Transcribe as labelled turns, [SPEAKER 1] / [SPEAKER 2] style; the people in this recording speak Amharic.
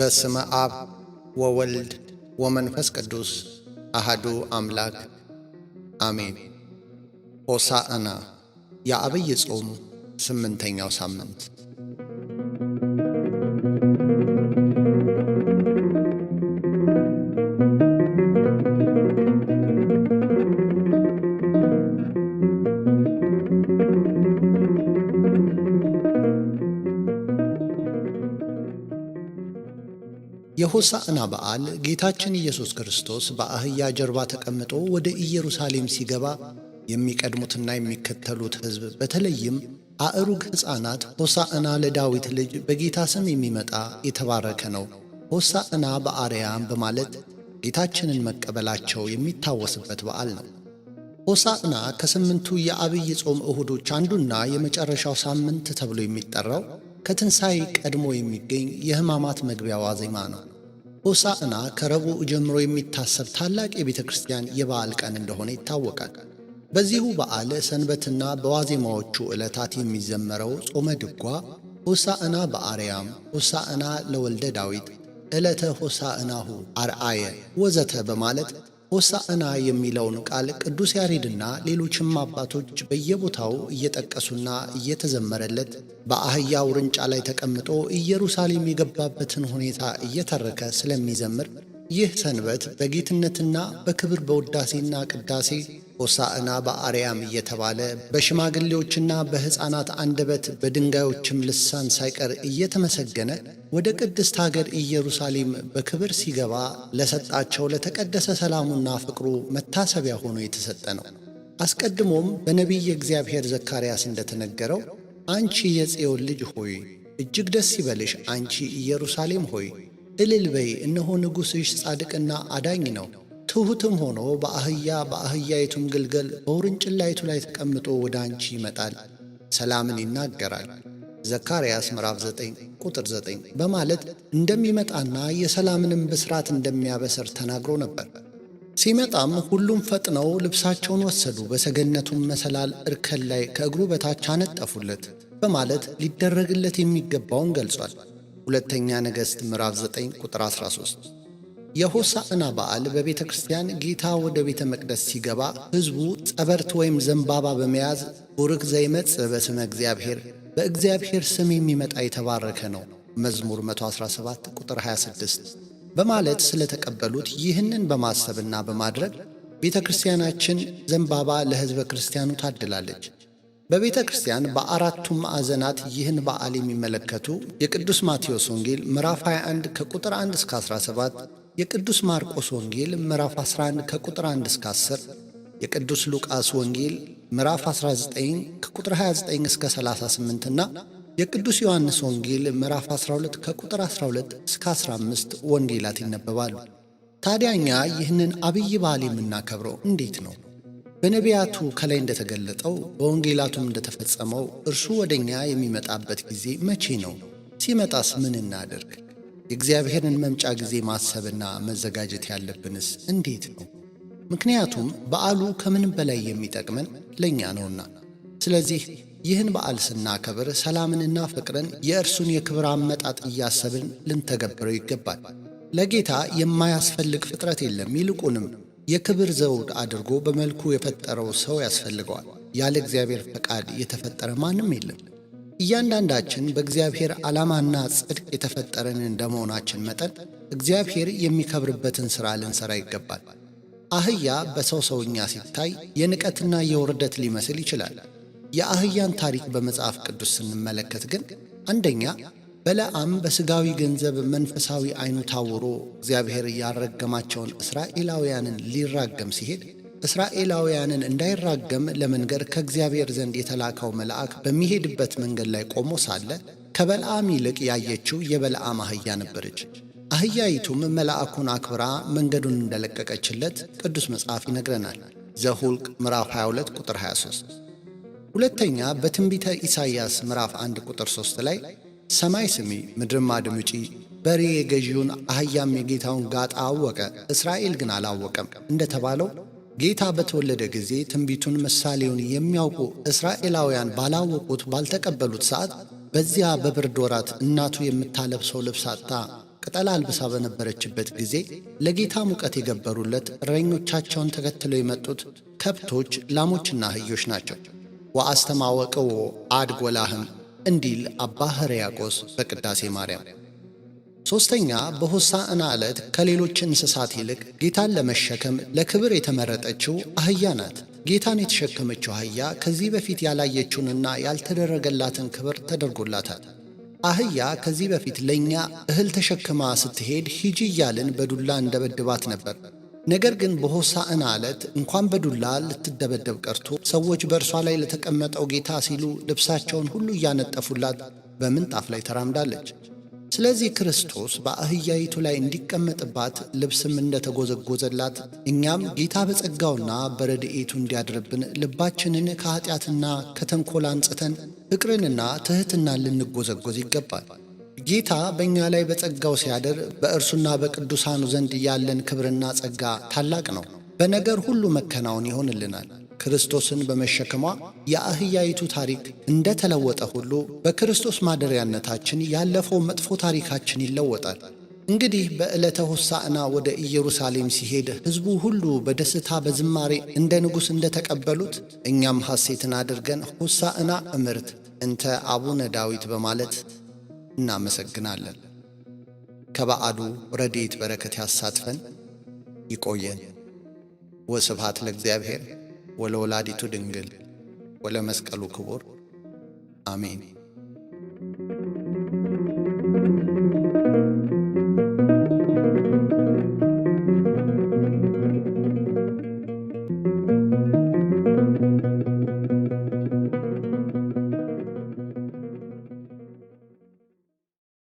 [SPEAKER 1] በስመ አብ ወወልድ ወመንፈስ ቅዱስ አህዱ አምላክ አሜን። ሆሳዕና የዐቢይ ጾም ስምንተኛው ሳምንት
[SPEAKER 2] የሆሳዕና በዓል ጌታችን ኢየሱስ ክርስቶስ በአህያ ጀርባ ተቀምጦ ወደ ኢየሩሳሌም ሲገባ የሚቀድሙትና የሚከተሉት ሕዝብ በተለይም አእሩግ ሕፃናት ሆሳዕና ለዳዊት ልጅ በጌታ ስም የሚመጣ የተባረከ ነው፣ ሆሳዕና በአርያም በማለት ጌታችንን መቀበላቸው የሚታወስበት በዓል ነው። ሆሳዕና ከስምንቱ የአብይ ጾም እሁዶች አንዱና የመጨረሻው ሳምንት ተብሎ የሚጠራው ከትንሣኤ ቀድሞ የሚገኝ የሕማማት መግቢያ ዋዜማ ነው። ሆሳዕና ከረቡዕ ጀምሮ የሚታሰብ ታላቅ የቤተ ክርስቲያን የበዓል ቀን እንደሆነ ይታወቃል። በዚሁ በዓል ሰንበትና በዋዜማዎቹ ዕለታት የሚዘመረው ጾመ ድጓ ሆሳዕና በአርያም፣ ሆሳዕና ለወልደ ዳዊት፣ ዕለተ ሆሳዕናሁ አርአየ ወዘተ በማለት ሆሳዕና የሚለውን ቃል ቅዱስ ያሬድና ሌሎችም አባቶች በየቦታው እየጠቀሱና እየተዘመረለት በአህያ ውርንጫ ላይ ተቀምጦ ኢየሩሳሌም የገባበትን ሁኔታ እየተረከ ስለሚዘምር ይህ ሰንበት በጌትነትና በክብር በውዳሴና ቅዳሴ ሆሳዕና በአርያም እየተባለ በሽማግሌዎችና በሕፃናት አንደበት በድንጋዮችም ልሳን ሳይቀር እየተመሰገነ ወደ ቅድስት አገር ኢየሩሳሌም በክብር ሲገባ ለሰጣቸው ለተቀደሰ ሰላሙና ፍቅሩ መታሰቢያ ሆኖ የተሰጠ ነው። አስቀድሞም በነቢይ እግዚአብሔር ዘካርያስ እንደተነገረው አንቺ የጽዮን ልጅ ሆይ እጅግ ደስ ይበልሽ፣ አንቺ ኢየሩሳሌም ሆይ እልል በይ፣ እነሆ ንጉሥሽ ጻድቅና አዳኝ ነው ትሑትም ሆኖ በአህያ በአህያይቱም ግልገል በውርንጭላይቱ ላይ ተቀምጦ ወደ አንቺ ይመጣል፣ ሰላምን ይናገራል ዘካርያስ ምዕራፍ 9 ቁጥር 9 በማለት እንደሚመጣና የሰላምንም ብስራት እንደሚያበሰር ተናግሮ ነበር። ሲመጣም ሁሉም ፈጥነው ልብሳቸውን ወሰዱ፣ በሰገነቱም መሰላል እርከን ላይ ከእግሩ በታች አነጠፉለት በማለት ሊደረግለት የሚገባውን ገልጿል። ሁለተኛ ነገሥት ምዕራፍ 9 ቁጥር 13 የሆሳዕና በዓል በቤተ ክርስቲያን ጌታ ወደ ቤተ መቅደስ ሲገባ ሕዝቡ ጸበርት ወይም ዘንባባ በመያዝ ቡርክ ዘይመጽእ በስመ እግዚአብሔር በእግዚአብሔር ስም የሚመጣ የተባረከ ነው መዝሙር 117 ቁጥር 26 በማለት ስለተቀበሉት ይህንን በማሰብና በማድረግ ቤተ ክርስቲያናችን ዘንባባ ለሕዝበ ክርስቲያኑ ታድላለች። በቤተ ክርስቲያን በአራቱ ማዕዘናት ይህን በዓል የሚመለከቱ የቅዱስ ማቴዎስ ወንጌል ምዕራፍ 21 ከቁጥር 1 እስከ 17 የቅዱስ ማርቆስ ወንጌል ምዕራፍ 11 ከቁጥር 1 እስከ 10፣ የቅዱስ ሉቃስ ወንጌል ምዕራፍ 19 ከቁጥር 29 እስከ 38 እና የቅዱስ ዮሐንስ ወንጌል ምዕራፍ 12 ከቁጥር 12 እስከ 15 ወንጌላት ይነበባሉ። ታዲያ እኛ ይህንን አብይ በዓል የምናከብረው እንዴት ነው? በነቢያቱ ከላይ እንደተገለጠው በወንጌላቱም እንደተፈጸመው እርሱ ወደ እኛ የሚመጣበት ጊዜ መቼ ነው? ሲመጣስ ምን እናድርግ? የእግዚአብሔርን መምጫ ጊዜ ማሰብና መዘጋጀት ያለብንስ እንዴት ነው? ምክንያቱም በዓሉ ከምንም በላይ የሚጠቅመን ለእኛ ነውና። ስለዚህ ይህን በዓል ስናከብር ሰላምንና ፍቅርን የእርሱን የክብር አመጣጥ እያሰብን ልንተገብረው ይገባል። ለጌታ የማያስፈልግ ፍጥረት የለም። ይልቁንም የክብር ዘውድ አድርጎ በመልኩ የፈጠረው ሰው ያስፈልገዋል። ያለ እግዚአብሔር ፈቃድ የተፈጠረ ማንም የለም። እያንዳንዳችን በእግዚአብሔር ዓላማና ጽድቅ የተፈጠረን እንደመሆናችን መጠን እግዚአብሔር የሚከብርበትን ሥራ ልንሠራ ይገባል። አህያ በሰው ሰውኛ ሲታይ የንቀትና የውርደት ሊመስል ይችላል። የአህያን ታሪክ በመጽሐፍ ቅዱስ ስንመለከት ግን አንደኛ በለዓም በሥጋዊ ገንዘብ መንፈሳዊ ዐይኑ ታውሮ እግዚአብሔር ያረገማቸውን እስራኤላውያንን ሊራገም ሲሄድ እስራኤላውያንን እንዳይራገም ለመንገር ከእግዚአብሔር ዘንድ የተላከው መልአክ በሚሄድበት መንገድ ላይ ቆሞ ሳለ ከበልአም ይልቅ ያየችው የበልአም አህያ ነበረች። አህያይቱም መልአኩን አክብራ መንገዱን እንደለቀቀችለት ቅዱስ መጽሐፍ ይነግረናል። ዘሁልቅ ምዕራፍ 22 ቁጥር 23። ሁለተኛ በትንቢተ ኢሳይያስ ምዕራፍ 1 ቁጥር 3 ላይ ሰማይ ስሚ ምድርም አድምጪ፣ በሬ የገዢውን አህያም የጌታውን ጋጣ አወቀ፣ እስራኤል ግን አላወቀም እንደተባለው ጌታ በተወለደ ጊዜ ትንቢቱን ምሳሌውን የሚያውቁ እስራኤላውያን ባላወቁት ባልተቀበሉት ሰዓት በዚያ በብርድ ወራት እናቱ የምታለብሰው ልብስ አጣ ቅጠል አልብሳ በነበረችበት ጊዜ ለጌታ ሙቀት የገበሩለት እረኞቻቸውን ተከትለው የመጡት ከብቶች፣ ላሞችና አህዮች ናቸው። ወአስተማወቀዎ አድጎላህም ላህም እንዲል አባ ሕርያቆስ በቅዳሴ ማርያም ሦስተኛ በሆሳዕና ዕለት ከሌሎች እንስሳት ይልቅ ጌታን ለመሸከም ለክብር የተመረጠችው አህያ ናት። ጌታን የተሸከመችው አህያ ከዚህ በፊት ያላየችውንና ያልተደረገላትን ክብር ተደርጎላታል። አህያ ከዚህ በፊት ለእኛ እህል ተሸክማ ስትሄድ ሂጂ እያልን በዱላ እንደበድባት ነበር። ነገር ግን በሆሳዕና ዕለት እንኳን በዱላ ልትደበደብ ቀርቶ ሰዎች በእርሷ ላይ ለተቀመጠው ጌታ ሲሉ ልብሳቸውን ሁሉ እያነጠፉላት በምንጣፍ ላይ ተራምዳለች። ስለዚህ ክርስቶስ በአህያይቱ ላይ እንዲቀመጥባት ልብስም እንደተጎዘጎዘላት እኛም ጌታ በጸጋውና በረድኤቱ እንዲያድርብን ልባችንን ከኃጢአትና ከተንኮል አንጽተን ፍቅርንና ትሕትናን ልንጎዘጎዝ ይገባል። ጌታ በእኛ ላይ በጸጋው ሲያድር በእርሱና በቅዱሳኑ ዘንድ ያለን ክብርና ጸጋ ታላቅ ነው። በነገር ሁሉ መከናወን ይሆንልናል። ክርስቶስን በመሸከሟ የአህያይቱ ታሪክ እንደተለወጠ ሁሉ በክርስቶስ ማደሪያነታችን ያለፈው መጥፎ ታሪካችን ይለወጣል። እንግዲህ በዕለተ ሆሳዕና ወደ ኢየሩሳሌም ሲሄድ ሕዝቡ ሁሉ በደስታ በዝማሬ እንደ ንጉሥ እንደተቀበሉት እኛም ሐሴትን አድርገን ሆሳዕና እምርት እንተ አቡነ ዳዊት በማለት እናመሰግናለን። ከበዓሉ ረድኤት በረከት ያሳትፈን፣ ይቆየን። ወስብሐት ለእግዚአብሔር። ወለወላዲቱ ድንግል ወለመስቀሉ ክቡር አሜን።